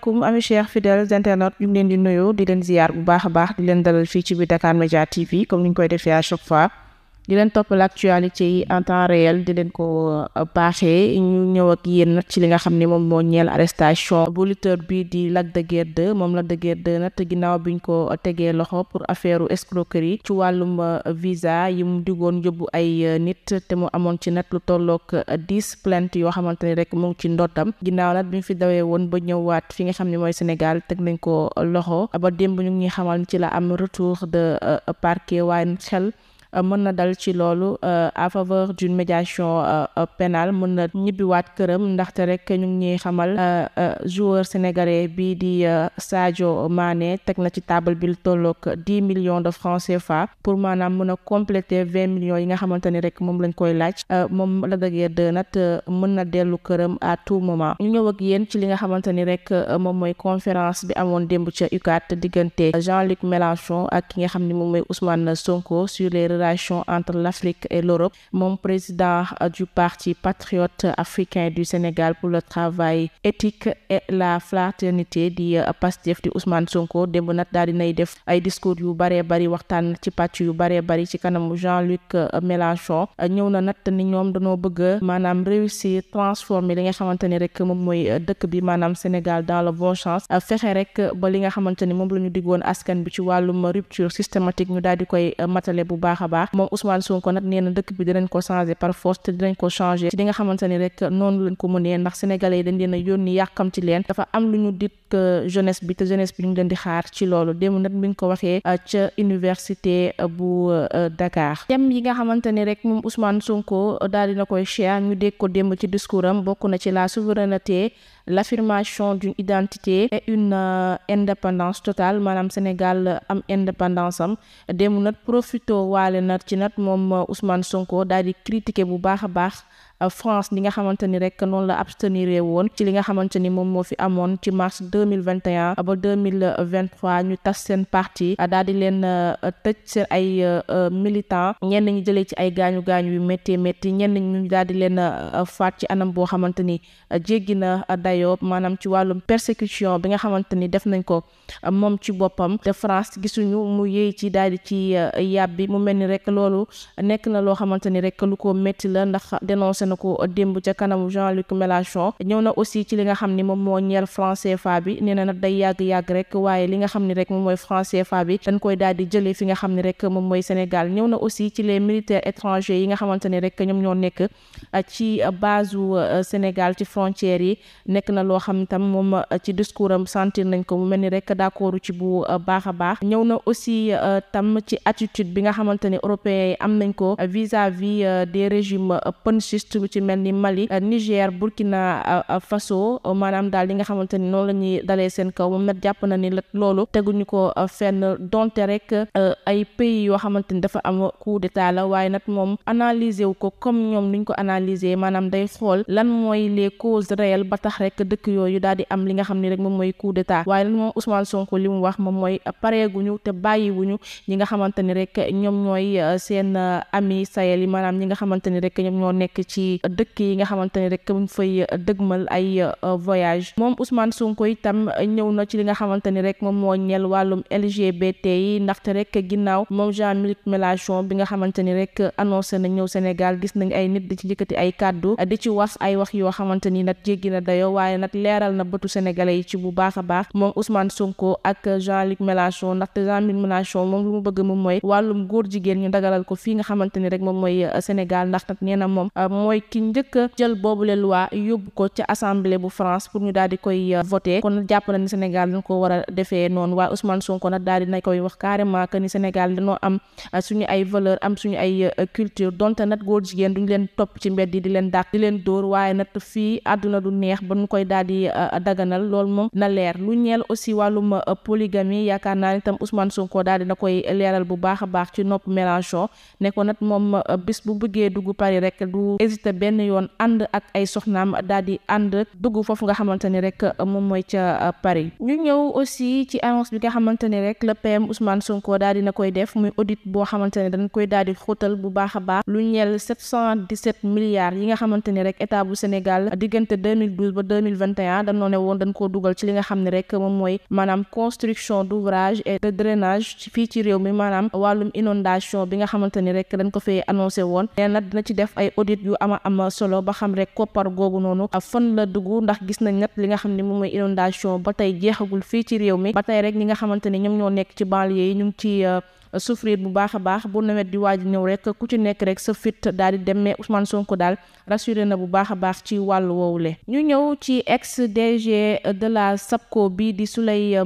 asalaamaaleykum ami chers fidèles internautes ñu leen di nuyu di leen ziyaar bu baax a baax di leen dalal fii ci biir Dakar Media TV comme ni ñu koy defee à chaque fois di leen topp l'actualité yi en temps réel di leen ko euh, baaxee ñu ñëw ak yéen nag ci li nga xam ni moom moo ñeel arrestation bu lutteur bi di Lac de Guiers 2 moom Lac de Guiers 2 nag ginnaaw biñ ko tegee loxo pour affaire escroquerie ci wàllum euh, visa yi mu digoon yóbbu ay euh, nit te mu amoon ci nag lu tollook dix plainte yoo xamante ni rek mu ngi ci ndoddam ginnaaw nag bi ñu fi dawee woon ba ñëwaat fi nga xam ne mooy Sénégal teg nañ ko loxo ba démb ñu ngi xamal ci la am retour de parquet waaye xel Euh, mën na dal ci loolu euh, à faveur d'une médiation euh, pénale mën na ñibbiwaat këram ndaxte rek ñu ngi ñuy xamal joueur sénégalais bii di Sadio Mané teg na ci table bi lu tolloog dix millions de francs CFA pour maanaam mën a compléter vingt millions yi nga xamante ni rek moom lañ koy laaj moom la dëggee de nag mën na dellu këram à tout moment ñu ñëw ak yéen ci li nga xamante ni rek moom mooy conférence bi amoon démb ca UCAD diggante Jean-Luc mélantion ak ki nga xam ne moom mooy Ousmane Sonko sur relations entre l'Afrique et l'Europe moom président du parti patriote le travail éthique et la di Pastef di Ousmane Sonko démb nag daal dinay def ay discours yu baree bari waxtaan ci pàcc yu baree bari ci kanamu Jean-Luc Mélenchon ñëw na nag ni ñoom dañoo bëgg maanaam réussir transformer li nga xamante ni rek moom mooy dëkk bi maanaam Sénégal dans le bon sens fexe rek ba li nga xamante ni moom la ñu diggoon askan bi ci wàllum rupture systématique ñu daal koy matale bu baax a baax moom Ousmane Sonko nag nee na dëkk bi dinañ ko changé par force te dinañ ko changé ci li nga xamante ni rek noonu lañ ko mënee ndax sénégalais yi dañ leen a yónni yàkkam ci leen dafa am lu ñu dit que jeunesse bi te jeunesse bi ñu leen di xaar ci loolu démb nag bi ko waxee euh, ca université euh, bu euh, Dakar thème yi nga xamante ni rek moom Ousmane Sonko daal dina koy cher ñu dégg ko démb ci discours am bokk na ci la souveraineté l'affirmation d'une identité et une euh, indépendance totale maanaam Sénégal am indépendance am démb nag profito waale nag ci nag moom euh, Ousmane Sonko daal di critiquer bu baax a baax Euh, France ni nga xamante ni rek noonu la abstenir woon ci li nga xamante ni moom moo fi amoon ci mars deux mille vingt ba deux mille vingt trois ñu tas seen parti daal di leen euh, tëj seen ay euh, militants ñenn ñi jëlee ci ay gaañu gaañu yu métti métti ñenn ñu daal di leen faat ci anam boo xamante ni jéggi na dayo maanaam ci wàllum persécution bi nga xamante ni def nañ ko moom ci boppam te France gisuñu mu yéey ci daal di ci yàbbi mu mel ni rek loolu nekk na loo xamante ni rek lu ko metti la ndax dénoncé na ko démb ca kanamu Jean-Luc Mélenchon ñëw na aussi ci li nga xam ni moom moo ñeel franc CFA bi nee nag day yàgg-yàgg rek waaye li nga xam ni rek moom mooy Sénégal ñëw na aussi ci les militaires étrangers yi nga xamante rek ñoom ñoo nekk ci base euh, Sénégal ci frontières yi nekk na loo xam tam moom euh, ci discours am sentir nañ ko mu mel ni rek d'accord ci bu euh, baax a baax ñëw na aussi tam ci attitude bi nga xamante ni européens yi am nañ ko vis-à-vis des su ci mel ni Mali eh, Niger Burkina eh, eh, Faso maanaam daal li nga xamante ni noonu la ñuy dalee seen kaw moom nag ko fenn donte rek ay pays yoo xamante ni dafa am coup d'état la waaye nag moom analyser wu ko comme ñoom nuñ ko analyser maanaam day xool lan mooy les causes réelles ba tax rek dëkk yooyu daal di am li nga xam ni rek moom mooy coup d'état waaye lan moom Ousmane Sonko li mu wax moom mooy pareeguñu te bàyyiwuñu ñi nga xamante ni rek ñoom ñooy seen ami Sahel maanaam ñi nga ci dëkk yi nga xamante ne rek mu ngi fay dëgmal ay euh, voyage moom Ousmane Sonko itam ñëw na ci li nga xamante ni rek moom moo ñeel wàllum LGBT yi ndaxte rek ginnaaw moom Jean-Luc Mélenchon bi nga xamante ni rek annoncé na ñëw Sénégal gis nañ ay nit di ci yëkkati ay kàddu di ci wax ay wax yoo xamante ni nag jéggi na dayo waaye nag leeral na bëtu sénégalais yi ci bu baax a baax moom Ousmane Sonko ak Jean-Luc Mélenchon ndaxte Jean-Luc Mélenchon moom lu mu bëgg moom mooy wàllum góor jigéen ñu dagalal ko fii nga xamante rek moom mooy Sénégal ndax nag moom euh, mooy mooy ki njëkk a jël boobule loi yóbbu ko ci assemblée bu France pour ñu daal di koy euh, voté kon jàpp na ni Sénégal dañ ko war a defee noonu waaye Ousmane Sonko nag daal di na koy wax carrément que euh, euh, duñ leen topp ci mbedd yi di leen dàq di leen dóor waaye nag fii àdduna du neex ba ñu koy daal di daganal lool moom na leer lu ñeel aussi wàllum polygamie yaakaar naa ni tam Ousmane Sonko daal di na koy leeral bu baax baax ci nopp Mélenchon ne ko moom bis bu bëggee dugg Paris te benn yoon ànd ak ay soxnaam daal di ànd dugg foofu nga xamante rek uh, moom mooy ca uh, Paris ñu ñëw aussi ci annonce bi nga xamante ni rek le PM Ousmane Sonko daal na koy def muy audit boo xamante ne dañ koy daal di xóotal bu baax a baax lu ñeel sept cent dix sept milliards yi nga xamante ni rek état bu Sénégal diggante deux mille douze ba deux mille vingt et woon dañ koo dugal ci li nga xam ne rek moom mooy maanaam construction d'ouvrage et de drainage fii ci réew mi maanaam wàllum inondation bi nga xamante ni rek dañ ko fee annoncé woon nee na dina ama am solo ba xam rek koppar googu noonu fan la dugg ndax gis nañ nag li nga xam ne moom mooy inondation ba tey jeexagul fii ci réew mi ba tey rek ñi nga xamante ne ñoom ñoo nekk ci banlieue yi ñu ngi ci euh, souffrir bu baax a baax bu nawet di waaj ñëw rek ku ci nekk rek sa fit daal di demee Ousmane Sonko daal rassuré na bu baax a baax ci wàllu woowule ñu ñëw ci ex DG de la SAPCO bi di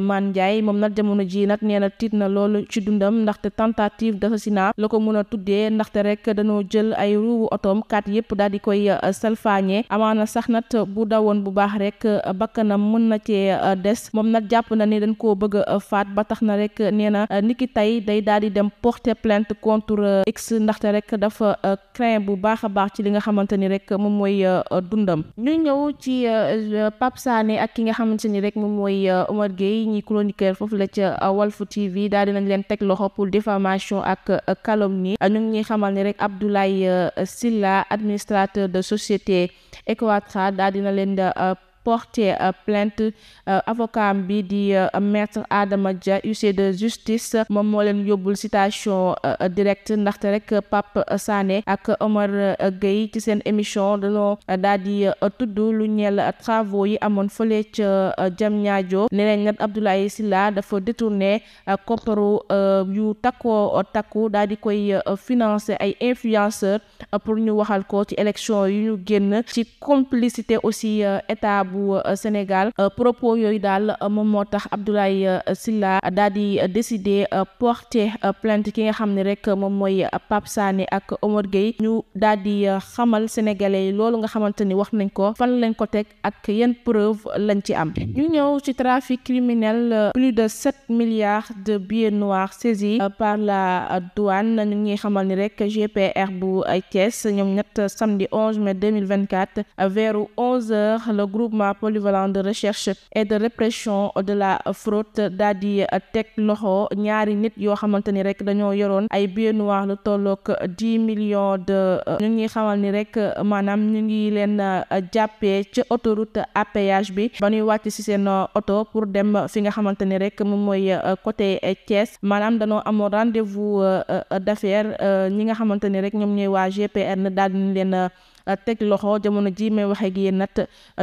maan Ndiaye moom nag jamono ji nag nee na tiit na loolu ci dundam ndaxte tentative sinaa la ko mën a tuddee ndaxte rek dañoo jël ay ruubu otoom kat yépp daal di koy euh, salfaañe amaana sax nat bu dawoon bu baax rek euh, bakkanam mën na cee euh, des moom nag jàpp na ne dañ koo bëgg faat ba na rek nee na niki tey daal di dem porter plainte contre euh, X ndaxte rek dafa euh, craint bu baax a baax ci li nga xamante ni rek moom mooy euh, dundam ñu ñëw ci Pape ak ki nga xamante ni rek moom mooy Omar Gueye ñi chroniqueur foofu la ca Walf TV daal di leen teg loxo pour diffamation ak calomnie ñu ngi ñuy xamal ni rek Abdoulaye Silla administrateur de société Ecoatra daal dina leen porté euh, plainte euh, avocat bi di euh, maître Adama Dia huissier de justice moom moo leen yóbbul citation directe ndaxte rek Pape Sané ak Omar Gueye ci seen émission dañoo daal di tudd lu ñeel travaux yi amoon fële ca Diamniadio nee nañ nag Abdoulaye dafa détourné kopparu yu takkoo takku daal di koy financer ay influenceurs pour ñu waxal ko ci élection yu ñu génn ci complicité aussi état bu euh, Sénégal euh, propos yooyu daal euh, moom moo tax Abdoulaye Sylla daal di décider porter plainte ki nga xam ni rek moom mooy Pape Sané ak Omar Gueye ñu daal di xamal sénégalais yi loolu nga xamante ni wax nañ ko fan lañ ko teg ak yan preuve lañ ci am ñu ñëw ci trafic criminel plus de sept milliards de billets noirs saisis par la douane ñu ngi xamal ni rek GPR bu Thiès ñoom ñett samedi 11 mai 2024 vers 11 heures groupe département polyvalent de recherche et de répression de la fraude daal di euh, teg loxo ñaari nit yoo xamante ni rek dañoo yoroon ay billets noirs lu tolloog dix millions de euh, ñu ngi xamal ni rek euh, maanaam ñu ngi leen jàppee ci autoroute à bi ba ñuy wàcc ci seen oto pour dem fi nga xamante ni rek moom mooy côté Thiès maanaam danoo amoon rendez-vous d'affaires ñi nga xamante ni rek ñoom ñooy waa GPR daal di leen. teg loxo jamono ji may wax ak yéen nag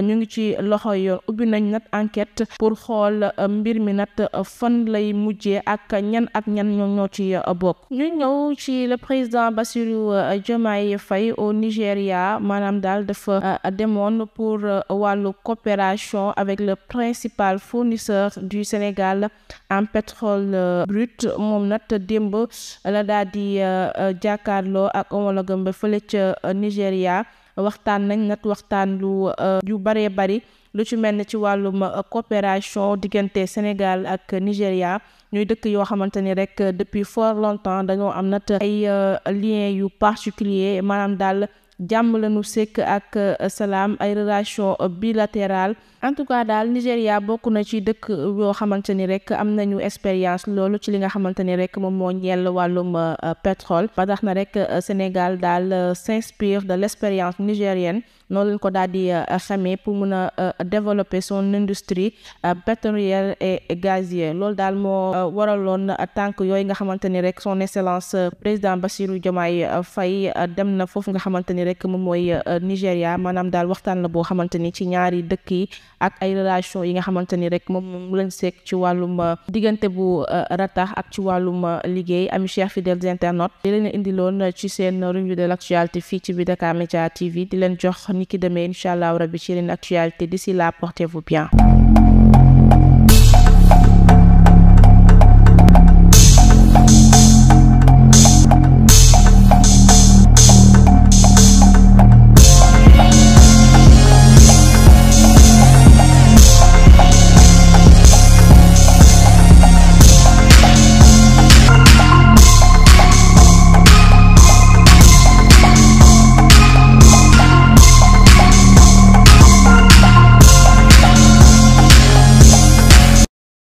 ñu ngi ci loxo yoon ubbi nañ nag enquête pour xool mbir mi nag fan lay mujjee ak ñan ak ñan ñoo ñoo ci bokk. ñu ñëw ci le président Bassirou yi fay au Nigéria maanaam daal dafa demoon pour wàllu coopération avec le principal fournisseur du Sénégal en pétrole brut moom nag démb la daal di jàkkaarloo ak homologue ba fële ca Nigéria. waxtaan nañ nag waxtaan lu euh, yu baree bari lu ci mel ni ci wàllum euh, coopération diggante Sénégal ak Nigéria ñooy dëkk yoo xamante ni rek euh, depuis fort longtemps dañoo am nag ay liens yu particulier maanaam daal jàmm lañu sekk ak salaam ay relation bilatérale en tout cas daal Nigéria bokk na ci dëkk yoo xamante ni rek am nañu expérience loolu ci li nga xamante ni rek moom moo ñeel wàllum euh, pétrole ba tax na rek euh, Sénégal daal euh, s'inspire de l'expérience nigérienne noonu lañ ko daal di xamee pour mun a développer son industrie pétrolière et loolu daal moo waraloon tànk yooyu nga xamante ni rek son excellence président Bassirou Diomaye Faye dem na foofu nga xamante ni rek moom mooy Nigéria maanaam daal waxtaan la boo xamante ni ci ñaari dëkk yi ak ay relation yi nga xamante ni rek moom moom leen seek ci wàllum euh, diggante bu euh, ratax ak ci wàllum euh, liggéey ami chers fidèles internautes di leen indiloon ci seen revue de l'actualité fii ci bi Dakar Media TV di leen jox ni ki demee incha allah rabbi ci leen actualité d'ici là portez-vous bien